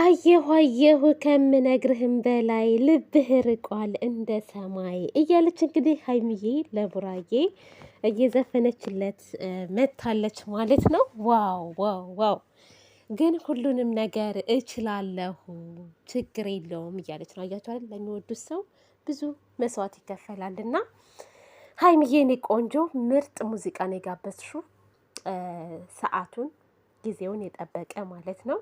አየሁ አየሁ ከምነግርህም በላይ ልብህ ርቋል እንደ ሰማይ እያለች እንግዲህ ሀይሚዬ ለቡራዬ እየዘፈነችለት መታለች ማለት ነው። ዋው ዋው ዋው! ግን ሁሉንም ነገር እችላለሁ ችግር የለውም እያለች ነው። አያቸኋል ለሚወዱት ሰው ብዙ መስዋዕት ይከፈላል። እና ሀይሚዬ እኔ ቆንጆ ምርጥ ሙዚቃ ነው የጋበዝሽው፣ ሰዓቱን ጊዜውን የጠበቀ ማለት ነው።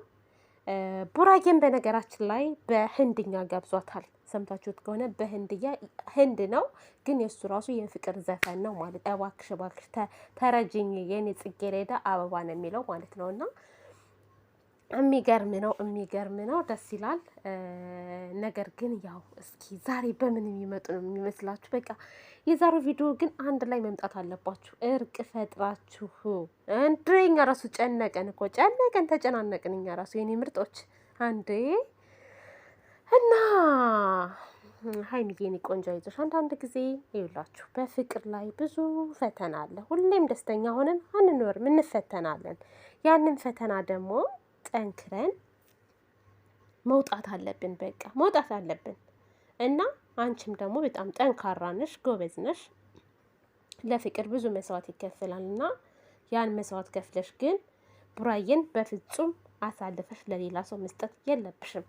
ቡራጌን በነገራችን ላይ በህንድኛ ጋብዟታል። ሰምታችሁት ከሆነ በህንድያ ህንድ ነው፣ ግን የእሱ ራሱ የፍቅር ዘፈን ነው ማለት እባክሽ እባክሽ ተረጅኝ የኔ ጽጌረዳ አበባ ነው የሚለው ማለት ነው እና የሚገርም ነው፣ የሚገርም ነው። ደስ ይላል። ነገር ግን ያው እስኪ ዛሬ በምን የሚመጡ ነው የሚመስላችሁ? በቃ የዛሬው ቪዲዮ ግን አንድ ላይ መምጣት አለባችሁ። እርቅ ፈጥራችሁ እንዴ! እኛ ራሱ ጨነቀን እኮ ጨነቀን፣ ተጨናነቅን እኛ ራሱ የኔ ምርጦች አንዴ እና ሀይሚዬ የኔ ቆንጆ አይዞሽ። አንዳንድ ጊዜ ይውላችሁ በፍቅር ላይ ብዙ ፈተና አለ። ሁሌም ደስተኛ ሆነን አንኖርም፣ እንፈተናለን። ያንን ፈተና ደግሞ ጠንክረን መውጣት አለብን። በቃ መውጣት አለብን እና አንቺም ደግሞ በጣም ጠንካራ ነሽ፣ ጎበዝ ነሽ። ለፍቅር ብዙ መስዋዕት ይከፍላል እና ያን መስዋዕት ከፍለሽ ግን ቡራዬን በፍጹም አሳልፈሽ ለሌላ ሰው መስጠት የለብሽም።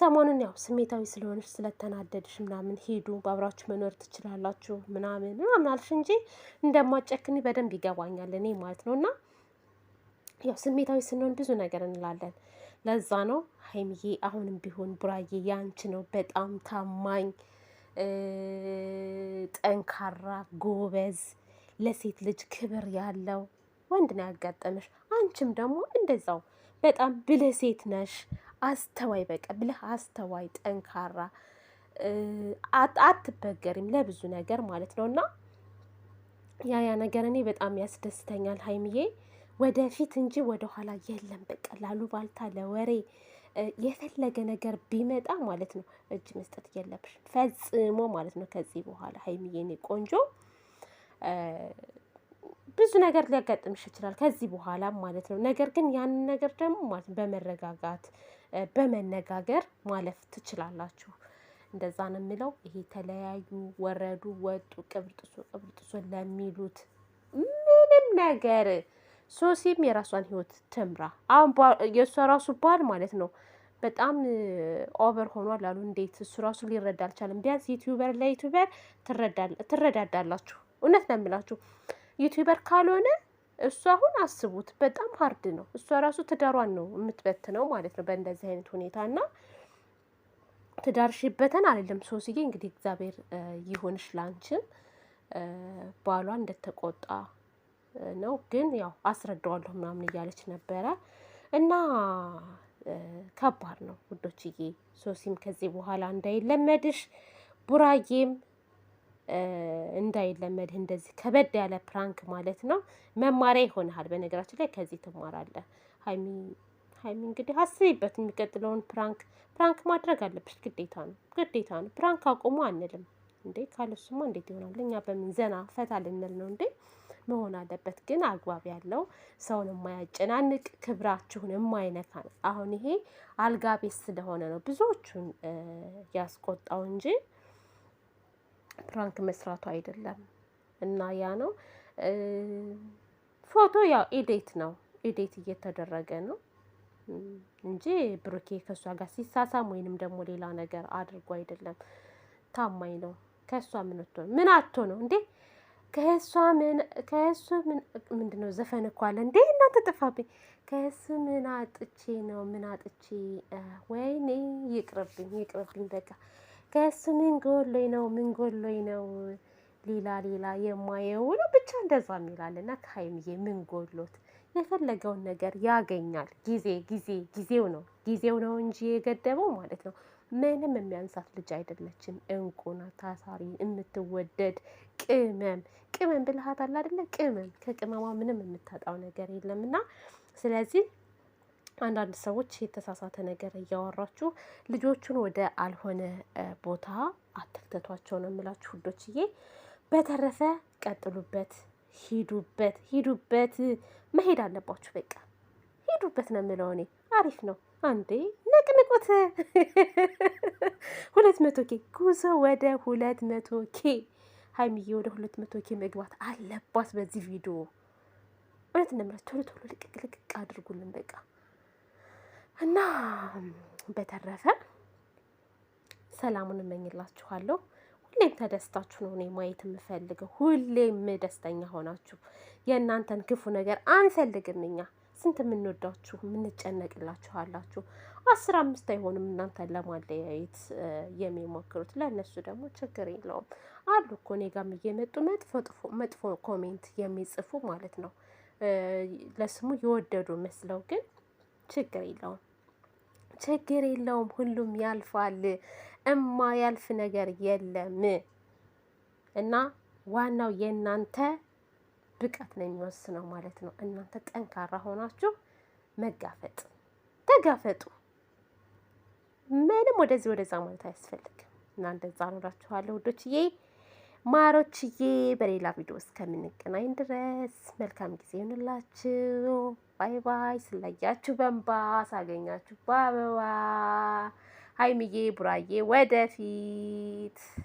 ሰሞኑን ያው ስሜታዊ ስለሆነች ስለተናደድሽ ምናምን ሄዱ በአብራችሁ መኖር ትችላላችሁ ምናምን ምናምን አልሽ እንጂ እንደማጨክኒ በደንብ ይገባኛል እኔ ማለት ነው እና ያው ስሜታዊ ስንሆን ብዙ ነገር እንላለን። ለዛ ነው ሀይሚዬ፣ አሁንም ቢሆን ቡራዬ ያንቺ ነው። በጣም ታማኝ፣ ጠንካራ፣ ጎበዝ፣ ለሴት ልጅ ክብር ያለው ወንድ ነው ያጋጠመሽ። አንቺም ደግሞ እንደዛው በጣም ብለ ሴት ነሽ። አስተዋይ፣ በቃ ብለህ አስተዋይ፣ ጠንካራ፣ አትበገሪም ለብዙ ነገር ማለት ነው እና ያ ያ ነገር እኔ በጣም ያስደስተኛል ሀይሚዬ ወደፊት እንጂ ወደኋላ የለም። በቃ ባልታ ለወሬ የፈለገ ነገር ቢመጣ ማለት ነው እጅ መስጠት የለብሽ ፈጽሞ ማለት ነው። ከዚህ በኋላ ሀይሚዬ እኔ ቆንጆ ብዙ ነገር ሊያጋጥምሽ ይችላል ከዚህ በኋላ ማለት ነው። ነገር ግን ያንን ነገር ደግሞ ማለት ነው በመረጋጋት በመነጋገር ማለፍ ትችላላችሁ። እንደዛ ነው የሚለው። ይሄ የተለያዩ ወረዱ ወጡ ቅብርጥሶ ቅብርጥሶ ለሚሉት ምንም ነገር ሶሲም የራሷን ህይወት ትምራ። አሁን የእሷ ራሱ ባል ማለት ነው በጣም ኦቨር ሆኗል አሉ። እንዴት እሱ ራሱ ሊረዳ አልቻለም? ቢያንስ ዩቲዩበር ለዩቲዩበር ትረዳዳላችሁ። እውነት ነው የምላችሁ ዩቲዩበር ካልሆነ እሱ አሁን አስቡት፣ በጣም ሀርድ ነው። እሷ ራሱ ትዳሯን ነው የምትበትነው ማለት ነው በእንደዚህ አይነት ሁኔታ እና ትዳርሽበትን ይበተን አይደለም። ሶስዬ እንግዲህ እግዚአብሔር ይሁንሽ ላንቺም ባሏ እንደተቆጣ ነው ግን ያው አስረዳዋለሁ ምናምን እያለች ነበረ እና ከባድ ነው ውዶችዬ። ሶሲም ከዚህ በኋላ እንዳይለመድሽ፣ ቡራዬም እንዳይለመድህ እንደዚህ ከበድ ያለ ፕራንክ ማለት ነው። መማሪያ ይሆንሃል። በነገራችን ላይ ከዚህ ትማራለህ። ሀይሚ ሀይሚ እንግዲህ አስቢበት። የሚቀጥለውን ፕራንክ ፕራንክ ማድረግ አለብሽ። ግዴታ ነው፣ ግዴታ ነው። ፕራንክ አቁሙ አንልም እንዴ? ካለሱማ እንዴት ይሆናል? እኛ በምን ዘና ፈታ ልንል ነው እንዴ? መሆን አለበት። ግን አግባብ ያለው ሰውን የማያጨናንቅ ክብራችሁን የማይነካ ነው። አሁን ይሄ አልጋ ቤት ስለሆነ ነው ብዙዎቹን ያስቆጣው እንጂ ፕራንክ መስራቱ አይደለም። እና ያ ነው ፎቶ ያው ኤዴት ነው ኤዴት እየተደረገ ነው እንጂ ብሩኬ ከእሷ ጋር ሲሳሳም ወይንም ደግሞ ሌላ ነገር አድርጎ አይደለም። ታማኝ ነው። ከእሷ ምን ነው ምን አቶ ነው እንዴ? ከሱ ከሱ ምን ምንድን ነው ዘፈን እኮ አለ እንዴ እናንተ ጠፋብኝ። ከሱ ምን አጥቼ ነው ምን አጥቼ ወይኔ ይቅርብኝ ይቅርብኝ በቃ ከሱ ምን ጎሎኝ ነው ምን ጎሎኝ ነው ሌላ ሌላ የማየው ነው ብቻ እንደዛ የሚላል እና ከሀይምዬ ምን ጎሎት የፈለገውን ነገር ያገኛል። ጊዜ ጊዜ ጊዜው ነው ጊዜው ነው እንጂ የገደበው ማለት ነው። ምንም የሚያንሳት ልጅ አይደለችም። እንቁና ታታሪ የምትወደድ ቅመም ቅመም ብልሃት አለ አደለ? ቅመም ከቅመማ ምንም የምታጣው ነገር የለም እና ስለዚህ አንዳንድ ሰዎች የተሳሳተ ነገር እያወራችሁ ልጆቹን ወደ አልሆነ ቦታ አተክተቷቸው ነው የምላችሁ ውዶችዬ። በተረፈ ቀጥሉበት፣ ሂዱበት ሂዱበት መሄድ አለባችሁ በቃ። ሄዱበት ነው የምለው እኔ። አሪፍ ነው። አንዴ ነቅንቁት። ሁለት መቶ ኬ ጉዞ ወደ ሁለት መቶ ኬ ሀይሚዬ ወደ ሁለት መቶ ኬ መግባት አለባት በዚህ ቪዲዮ። እውነት እንደምለ ቶሎ ቶሎ ልቅቅ ልቅቅ አድርጉልን በቃ። እና በተረፈ ሰላሙን እመኝላችኋለሁ። ሁሌም ተደስታችሁ ነው እኔ ማየት የምፈልገው። ሁሌም ደስተኛ ሆናችሁ የእናንተን ክፉ ነገር አንፈልግም እኛ። ስንት የምንወዳችሁ የምንጨነቅላችሁ አላችሁ። አስራ አምስት አይሆንም እናንተ ለማለያየት የሚሞክሩት። ለእነሱ ደግሞ ችግር የለውም አሉ እኮ እኔ ጋም እየመጡ መጥፎ ኮሜንት የሚጽፉ ማለት ነው። ለስሙ የወደዱ መስለው ግን ችግር የለውም ችግር የለውም ሁሉም ያልፋል። ያልፍ ነገር የለም እና ዋናው የእናንተ ብቃት ነው የሚወስነው ማለት ነው። እናንተ ጠንካራ ሆናችሁ መጋፈጥ ተጋፈጡ። ምንም ወደዚህ ወደዛ ማለት አያስፈልግም። እና እንደዛ ነው ውዶችዬ፣ ማሮችዬ። በሌላ ቪዲዮ እስከምንገናኝ ድረስ መልካም ጊዜ ይሁንላችሁ። ባይ ባይ። ስለያችሁ በንባ ሳገኛችሁ በአበባ ሀይምዬ ቡራዬ ወደፊት